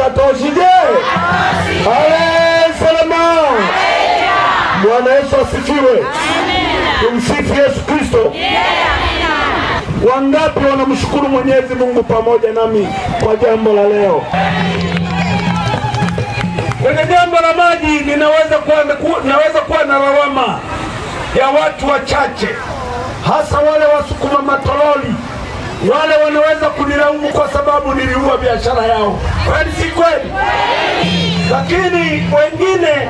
patoshije? Salama. Bwana Yesu asifiwe. Tumsifu Yesu Kristo. Wangapi wanamshukuru Mwenyezi Mungu pamoja nami kwa jambo la leo? Kwenye jambo la maji ninaweza kuwa, naweza kuwa na lawama ya watu wachache, hasa wale wasukuma matoroli wale wanaweza kunilaumu kwa sababu niliua biashara yao, kweli si kweli? Lakini wengine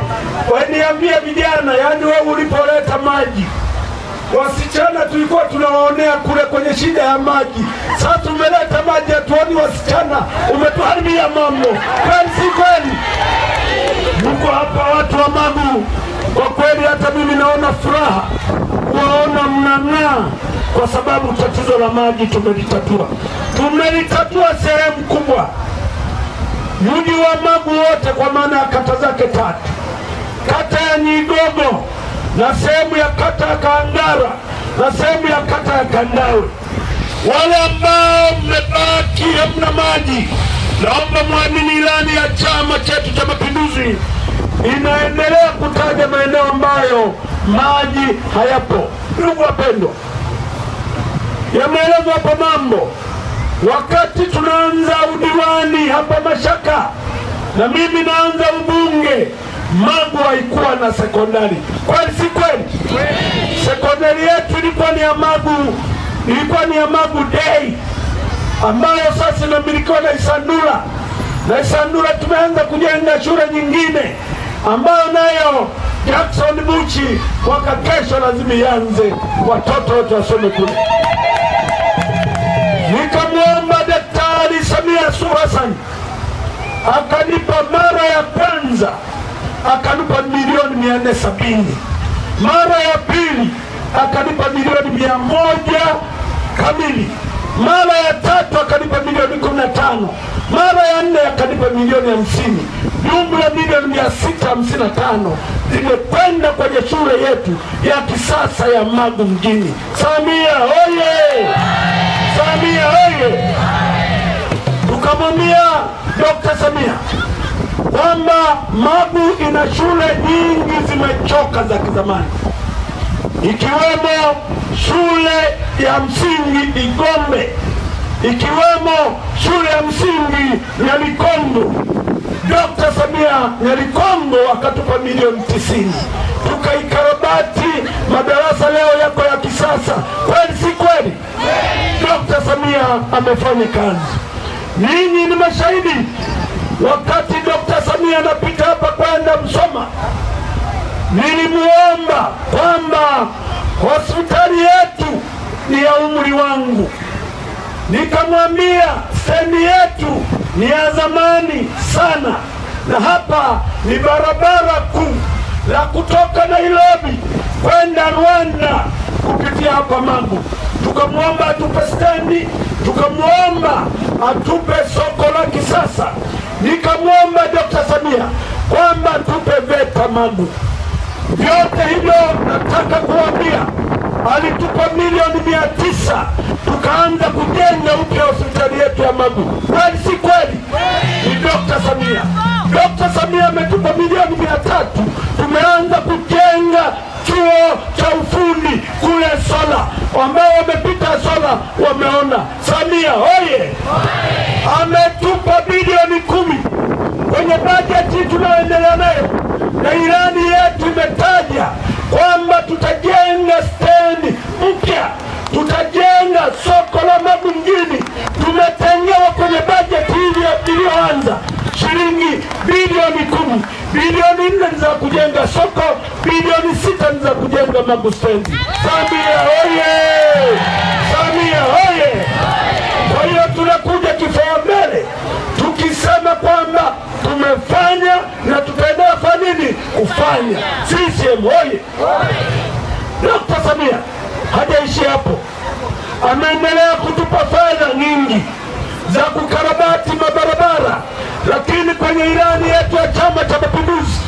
waniambia vijana, yaani wewe ulipoleta maji wasichana tulikuwa tunawaonea kule kwenye shida ya maji. Sasa umeleta maji, hatuoni wasichana, umetuharibia mambo. Kweli si kweli? Mko hapa watu wa Magu, kwa kweli hata mimi naona furaha kuwaona mnang'aa kwa sababu tatizo la maji tumelitatua, tumelitatua sehemu kubwa. Mji wa Magu wote kwa maana ya kata zake tatu, kata ya Nyigogo na sehemu ya kata ya Kaangara na sehemu ya kata ya Kandawe. Wale ambao mmebaki hamna maji, naomba mwamini ilani ya chama chetu cha Mapinduzi inaendelea kutaja maeneo ambayo maji hayapo. Ndugu wapendwa yameelezwa hapa mambo. Wakati tunaanza udiwani hapa Mashaka na mimi naanza ubunge, Magu haikuwa na sekondari, kweli si kweli? Sekondari yetu ilikuwa ni ya Magu, ilikuwa ni ya Magu Day ambayo sasa inamilikiwa na Isandura na Isandura tumeanza kujenga shule nyingine ambayo nayo Jackson buchi mwaka kesho lazima ianze, watoto wote wasome kule nikamwomba Daktari Samia Suluhu Hassan akanipa mara ya kwanza akanipa milioni mia nne sabini mara ya pili akanipa milioni mia moja kamili mara ya tatu akanipa milioni kumi na tano mara ya nne akanipa milioni hamsini jumla milioni mia sita hamsini na tano zimekwenda kwenye shule yetu ya kisasa ya Magu mjini. Samia oye! Samia oye! Tukamwambia Dr. Samia kwamba Magu ina shule nyingi zimechoka za kizamani, ikiwemo shule ya msingi Igombe, ikiwemo shule ya msingi ya Likondu Dr. Samia Nyalikombo akatupa milioni tisini tukaikarabati madarasa leo yako ya kisasa. Kweli si kweli? Dr. Samia amefanya kazi, ninyi ni mashahidi. Wakati Dr. Samia anapita hapa kwenda Msoma, nilimuomba kwamba hospitali yetu ni ya umri wangu, nikamwambia stendi yetu ni ya zamani sana, na hapa ni barabara kuu la kutoka Nairobi kwenda Rwanda kupitia hapa Mangu. Tukamwomba atupe stendi, tukamwomba atupe soko la kisasa, nikamwomba Dr. Samia kwamba tupe VETA Mangu. Vyote hivyo nataka kuambia alitupa milioni mia tisa tukaanza kujenga upya hospitali yetu ya Magu. Dr. Samia. Dr. Samia ametupa milioni mia tatu tumeanza kujenga chuo cha ufundi kule Sola. Ambao wamepita Sola wameona Samia oye! Ametupa bilioni kumi kwenye bajeti tunayoendelea nayo, na ilani yetu imetaja kwamba tutajenga stendi mpya, tutajenga soko la Magungini, tumetengewa kwenye iliyoanza shilingi bilioni kumi, bilioni nne za kujenga soko, bilioni sita za kujenga mabustendi. Samia hoye! Samia hoye! Kwa hiyo tunakuja kifaa mbele tukisema kwamba tumefanya na tutaendelea kwa nini kufanya. CCM hoye! Dokta Samia hajaishi hapo, ameendelea kutupa fedha nyingi za kukarabati mabarabara, lakini kwenye ilani yetu ya Chama cha Mapinduzi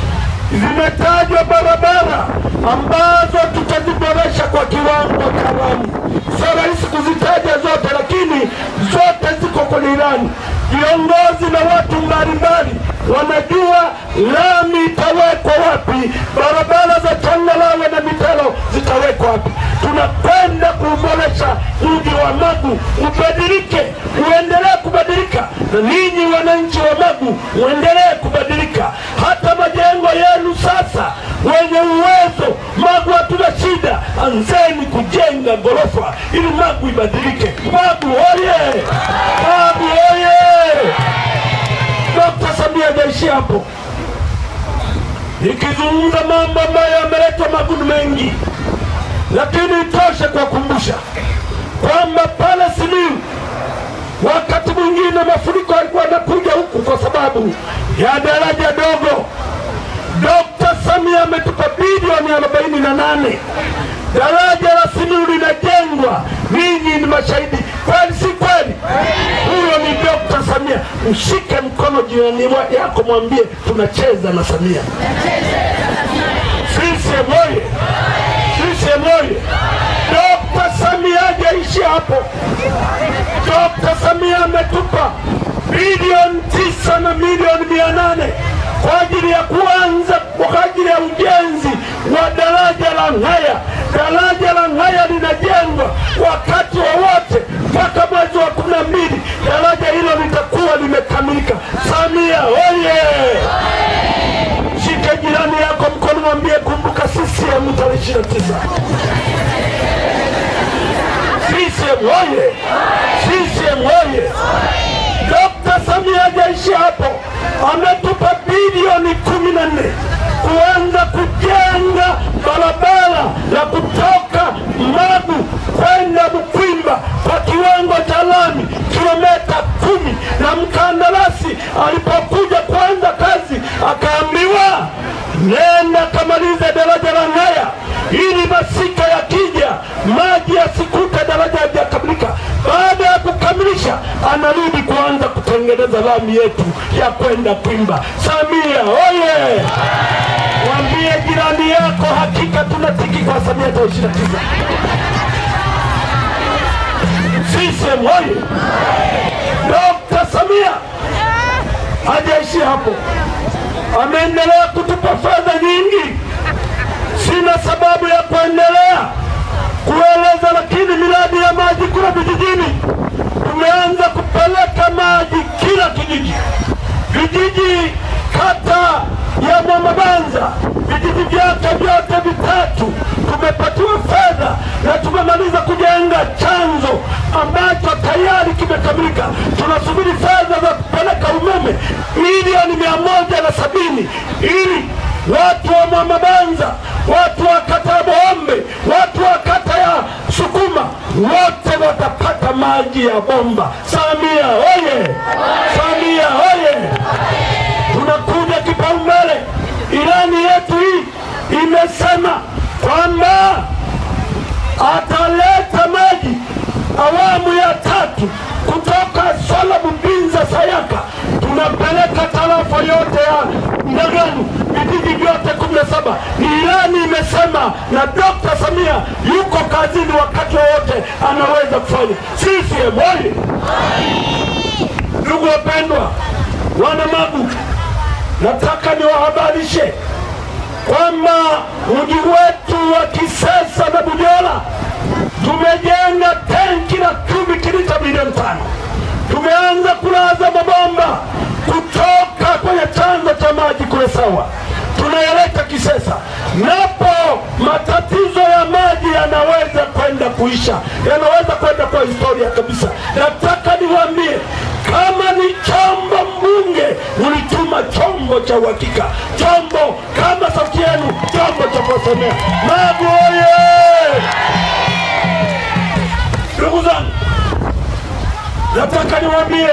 zimetajwa barabara ambazo tutaziboresha kwa kiwango cha lami. Sio rahisi kuzitaja zote, lakini zote ziko kwenye ilani. Viongozi na watu mbalimbali wanajua lami itawekwa wapi, barabara za changalawe na mitaro zitawekwa wapi tunapenda kuboresha mji wa Magu ubadilike, uendelee kubadilika, na ninyi wananchi wa Magu uendelee kubadilika. Hata majengo yenu sasa, wenye uwezo Magu hatuna shida, anzeni kujenga ghorofa ili Magu ibadilike. Magu oye! Magu oye! Dokta Samia hajaishia hapo, nikizungumza mambo ambayo yameleta magumu mengi lakini itoshe kuwakumbusha kwamba pale Simiyu wakati mwingine mafuriko yalikuwa yanakuja huku kwa sababu ya daraja dogo. Dokta Samia ametupa bilioni arobaini na nane daraja la Simiyu linajengwa, ninyi ni mashahidi, kweli si kweli? Huyo ni Dokta Samia. Mshike mkono jirani yako, mwambie tunacheza na Samia. Sisi moye Tuishie hapo. Dr. Samia ametupa bilioni tisa na milioni mia nane kwa ajili ya kuanza kwa ajili ya ujenzi wa daraja la Ng'haya. Daraja la Ng'haya linajengwa kwa anarudi kuanza kutengeneza lami yetu ya kwenda Kwimba. Samia oye! Mwambie jirani yako, hakika tunatiki kwa Samia tarehe ishirini na tisa. Sisiem oye! Dokta Samia hajaishi hapo, ameendelea kutupa fedha nyingi. Sina sababu ya kuendelea kueleza, lakini miradi ya maji kura vijijini tumeanza kupeleka maji kila kijiji, vijiji kata ya Mwamabanza, vijiji vyake vyote vitatu tumepatiwa fedha na tumemaliza kujenga chanzo ambacho tayari kimekamilika. Tunasubiri fedha za kupeleka umeme milioni mia moja na sabini ili watu wa Mwamabanza, watu wa kata ya boombe watu wa kata ya Suku wote watapata maji ya bomba. Samia oye! Samia oye! Tunakuja kipaumbele. Ilani yetu hii imesema kwamba ataleta maji awamu ya tatu kutoka sola Mbinza Sayaka tunapeleka tarafa yote ya Ndagani, vijiji vyote kumi na saba. Ni ilani imesema, na Dr. Samia yuko kazini, wakati wowote anaweza kufanya. CCM oyee! Ndugu wapendwa, wana Magu, nataka niwahabarishe kwamba mji wetu wa Kisesa na Bujola Tumejenga tenki la kumi kilita milioni tano. Tumeanza kulaza mabomba kutoka kwenye chanzo cha maji kule sawa, tunaeleka Kisesa. Napo matatizo ya maji yanaweza kwenda kuisha, yanaweza kwenda kwa historia kabisa. Nataka niwaambie kama ni chombo mbunge ulituma chombo cha uhakika, chombo kama sauti yenu, chombo cha kusemea. Nataka niwaambie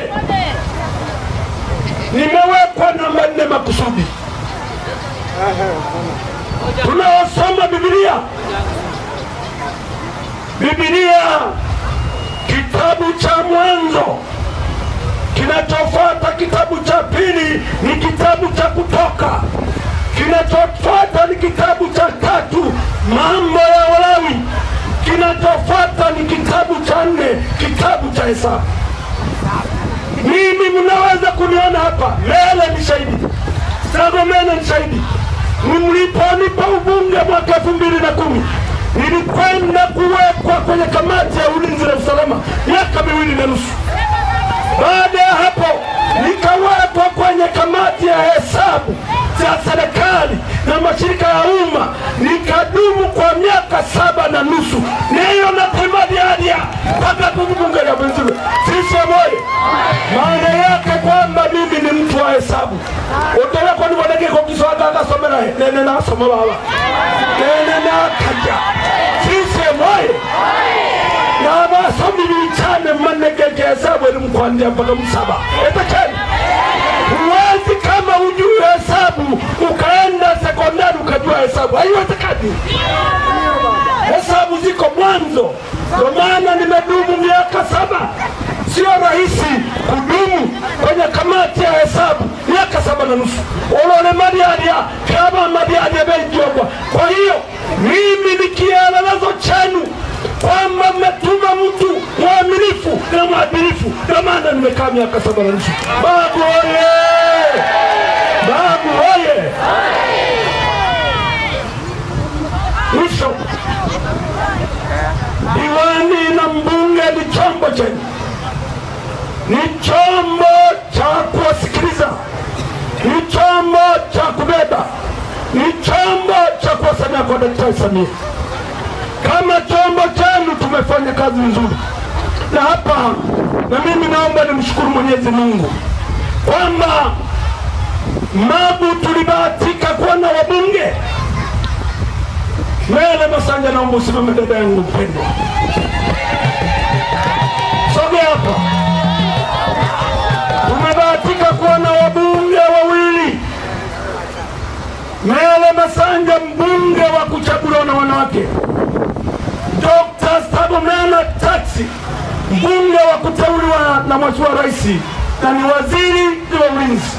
nimewekwa namba nne makusudi. Tunaosoma Biblia, Biblia kitabu cha Mwanzo kinachofuata kitabu cha pili ni kitabu cha Kutoka, kinachofuata ni kitabu cha tatu Mambo ya Walawi, kinachofuata ni kitabu cha nne kitabu cha Hesabu. Mimi mnaweza kuniona hapa, Mele ni shahidi, Sago Mele ni shahidi. Mliponipa ubunge mwaka elfu mbili na kumi nilikwenda kuwekwa kwenye kamati ya ulinzi na usalama miaka miwili na nusu. Baada ya hapo 내내나 소모바바 내내나 간자 시세 모이 나바 섬이 차면 만나게 계사 버름 관자 버름 사바 에타켓 na nusu olole malyalya kaba amalyalya bejjogwa kwa hiyo mimi ni kielelezo chenu kwamba mmetuma mtu mwaminifu na mwadilifu. Ndio maana nimekaa miaka saba na nusu. Babu oye! Babu oye! Mwisho, diwani na mbunge ni chombo chenu, ni chombo chombo cha kubeba, ni chombo cha kuwasamia kwa Daktari Samia. Kama chombo chenu tumefanya kazi nzuri, na hapa na mimi naomba nimshukuru Mwenyezi Mungu kwamba Magu tulibahatika kuwa na wabunge Mele Masanja, naomba usimame dada yangu mpendwa, sogea hapa. Nyale Masanja, mbunge wa kuchaguliwa na wanawake, Dr. Stergomena Taxi, mbunge wa kuteuliwa na mheshimiwa rais na ni waziri wa ulinzi,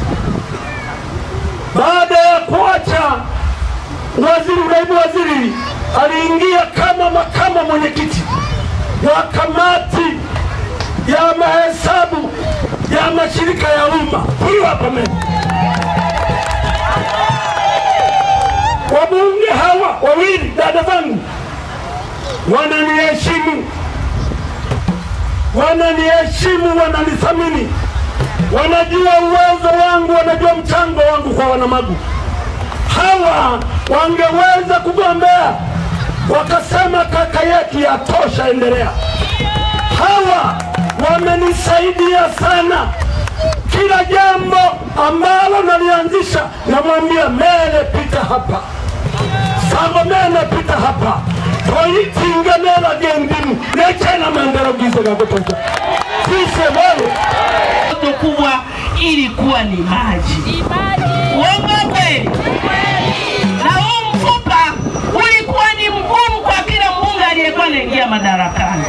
baada ya kuacha waziri, naibu waziri, aliingia kama makamu mwenyekiti wa kamati ya mahesabu ya mashirika ya umma. Huyu hapa mimi. Wabunge hawa wawili dada zangu wananiheshimu, wananiheshimu, wananithamini, wanajua uwezo wangu, wanajua mchango wangu kwa Wanamagu. Hawa wangeweza kugombea wakasema, kaka yetu, yatosha, endelea. Hawa wamenisaidia sana kila jambo ambalo nalianzisha namwambia, Mele, pita hapa sama mena pita hapa toyitsinga mela gendimu nechena mandero gize gagotoja sisemoyo ojo kubwa ilikuwa ni maji uongo kweli na huu mfupa ulikuwa ni mgumu kwa kila mbunge aliyekuwa anaingia madarakani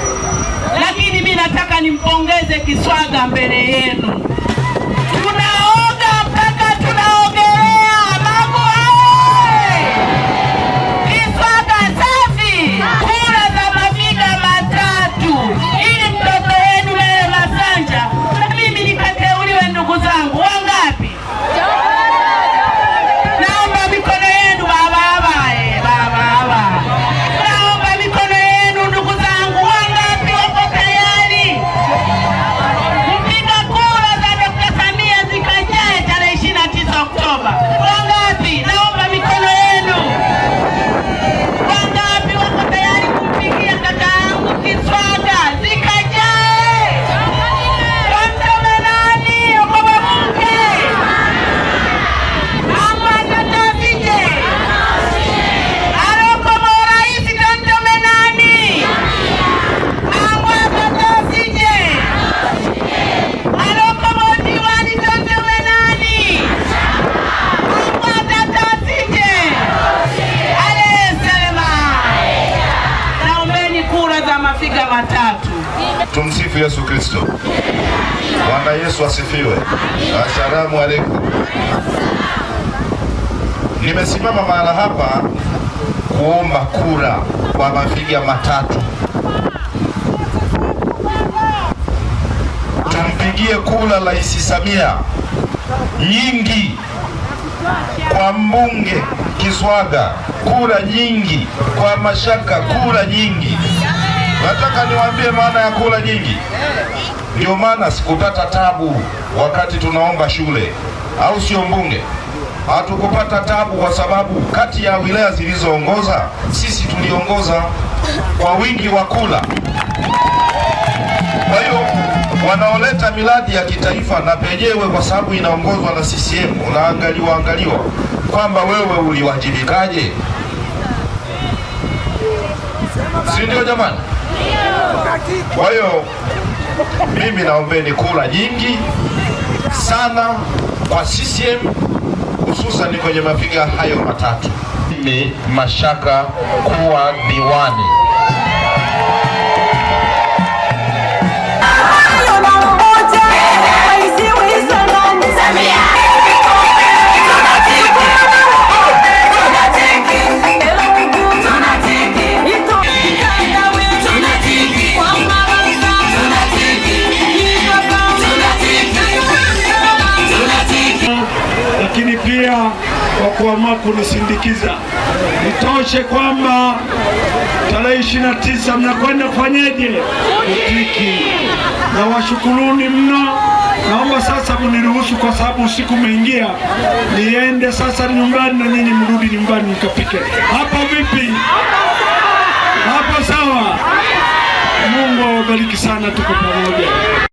lakini mi nataka nimpongeze Kiswaga mbele yenu kufika matatu. Tumsifu Yesu Kristo. Bwana Yesu asifiwe. Asalamu alaykum. Nimesimama mahala hapa kuomba kura kwa mafiga matatu. Tumpigie kura Rais Samia nyingi kwa mbunge Kiswaga kura nyingi, kwa Mashaka kura nyingi, Nataka niwaambie maana ya kula nyingi. Ndio maana sikupata tabu wakati tunaomba shule, au sio mbunge? Hatukupata tabu kwa sababu kati ya wilaya zilizoongoza sisi tuliongoza kwa wingi wa kula Kwa hiyo wanaoleta miradi ya kitaifa na penyewe, kwa sababu inaongozwa na CCM, unaangaliwa angaliwa kwamba wewe uliwajibikaje, si ndio jamani? Kwa hiyo mimi naombeni kula nyingi sana kwa CCM hususani kwenye mapiga hayo matatu. Mimi Mashaka kuwa diwani familia kwa kuamua kunisindikiza. nitoshe kwamba tarehe ishirini na tisa mnakwenda kufanyeje? Utiki. Na washukuruni mno. Naomba sasa mniruhusu kwa sababu usiku umeingia, niende sasa nyumbani na nyinyi mrudi nyumbani mkapike. Hapo vipi? Hapo sawa? Mungu awabariki sana, tuko pamoja.